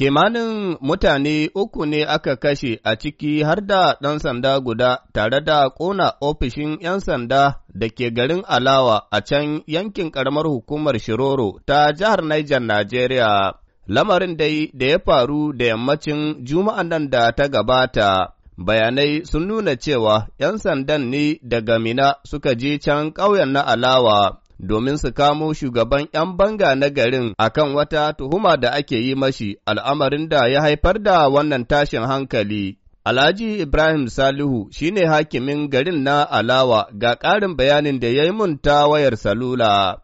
Kimanin mutane uku ne aka kashe a ciki har da ɗan sanda guda tare da ƙona ofishin ‘yan sanda da ke garin Alawa a can yankin ƙaramar hukumar Shiroro ta jihar Niger, Najeriya. Lamarin dai da ya faru da yammacin juma'an nan da ta gabata. Bayanai sun nuna cewa ‘yan sandan ne daga Mina suka je can ƙauyen na Alawa. domin su kamo shugaban 'yan banga na garin kan wata tuhuma da ake yi mashi al'amarin da ya haifar da wannan tashin hankali. Alhaji Ibrahim Salihu shi ne hakimin garin na Alawa ga ƙarin bayanin da ya yi mun ta wayar salula.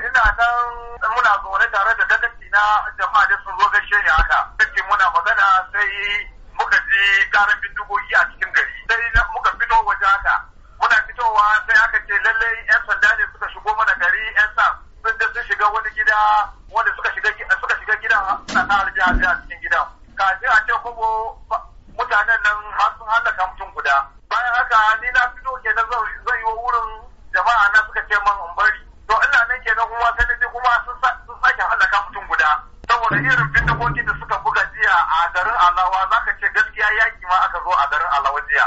ina nan muna zaune tare da dagaci na jama'a da sun zo haka. muna magana sai muka ji ƙarin bindigogi a cikin gari. gida wanda suka shiga suka shiga gida suna ta harbi a cikin gidan kafin a ce kobo mutanen nan har sun hallaka mutum guda bayan haka ni na fito kenan zan yi wa wurin jama'a na suka ce man in bari to ina nan kenan kuma sai kuma sun sake hallaka mutum guda saboda irin bindigogin da suka buga jiya a garin alawa zaka ce gaskiya yaki ma aka zo a garin alawa jiya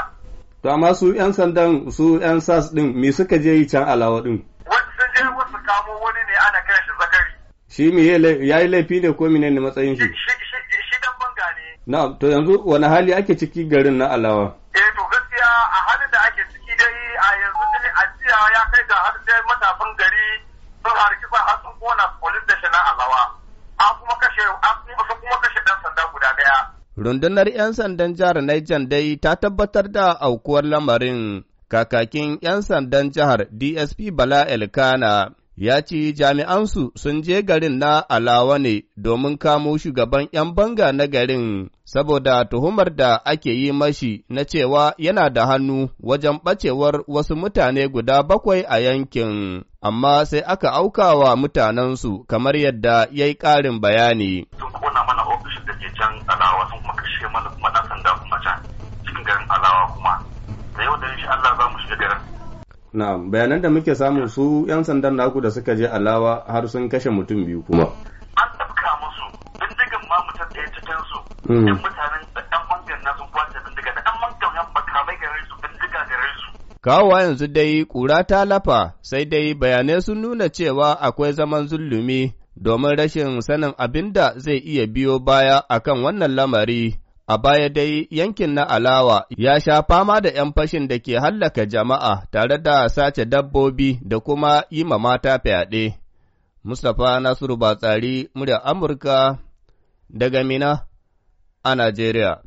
to amma su 'yan sandan su 'yan sas din me suka je yi can alawa din Wani sun je wasu kamo wani ne ana kai shi zakari shi me ya yi laifi ne ko menene matsayin shi shi dan banga ne na to yanzu wani hali ake ciki garin na alawa eh to gaskiya a halin da ake ciki dai a yanzu dai a jiya ya kai ga har sai matafin gari sun harki ba har sun kona polis da na alawa an kuma kashe an kuma kashe dan sanda guda daya rundunar 'yan sandan jihar Niger dai ta tabbatar da aukuwar lamarin kakakin 'yan sandan jihar DSP Bala Elkana ya ce jami'ansu sun je garin na alawa ne domin kamo shugaban 'yan banga na garin saboda tuhumar da ake yi mashi na cewa yana da hannu wajen ɓacewar wasu mutane guda bakwai a yankin, amma sai aka aukawa mutanensu kamar yadda ya yi ƙarin bayani. na bayanan da muke samu su 'yan sandan naku da suka je alawa har sun kashe mutum biyu kuma. An tafka musu bindigan ma mutum ya cikin su. Hmm. Yan mutanen ɗan bangar na sun kwace bindiga da ɗan bangar mai gare su bindiga gare su. Kawowa yanzu dai ƙura ta lafa sai dai bayanai sun nuna cewa akwai zaman zulumi domin rashin sanin abin da zai iya biyo baya akan wannan lamari. A baya dai yankin na Alawa ya sha fama da ‘yan fashin da ke hallaka jama'a tare da sace dabbobi da kuma yi ma mata fyaɗe. Mustapha Nasiru Batsari, muryar Amurka daga Mina a Najeriya.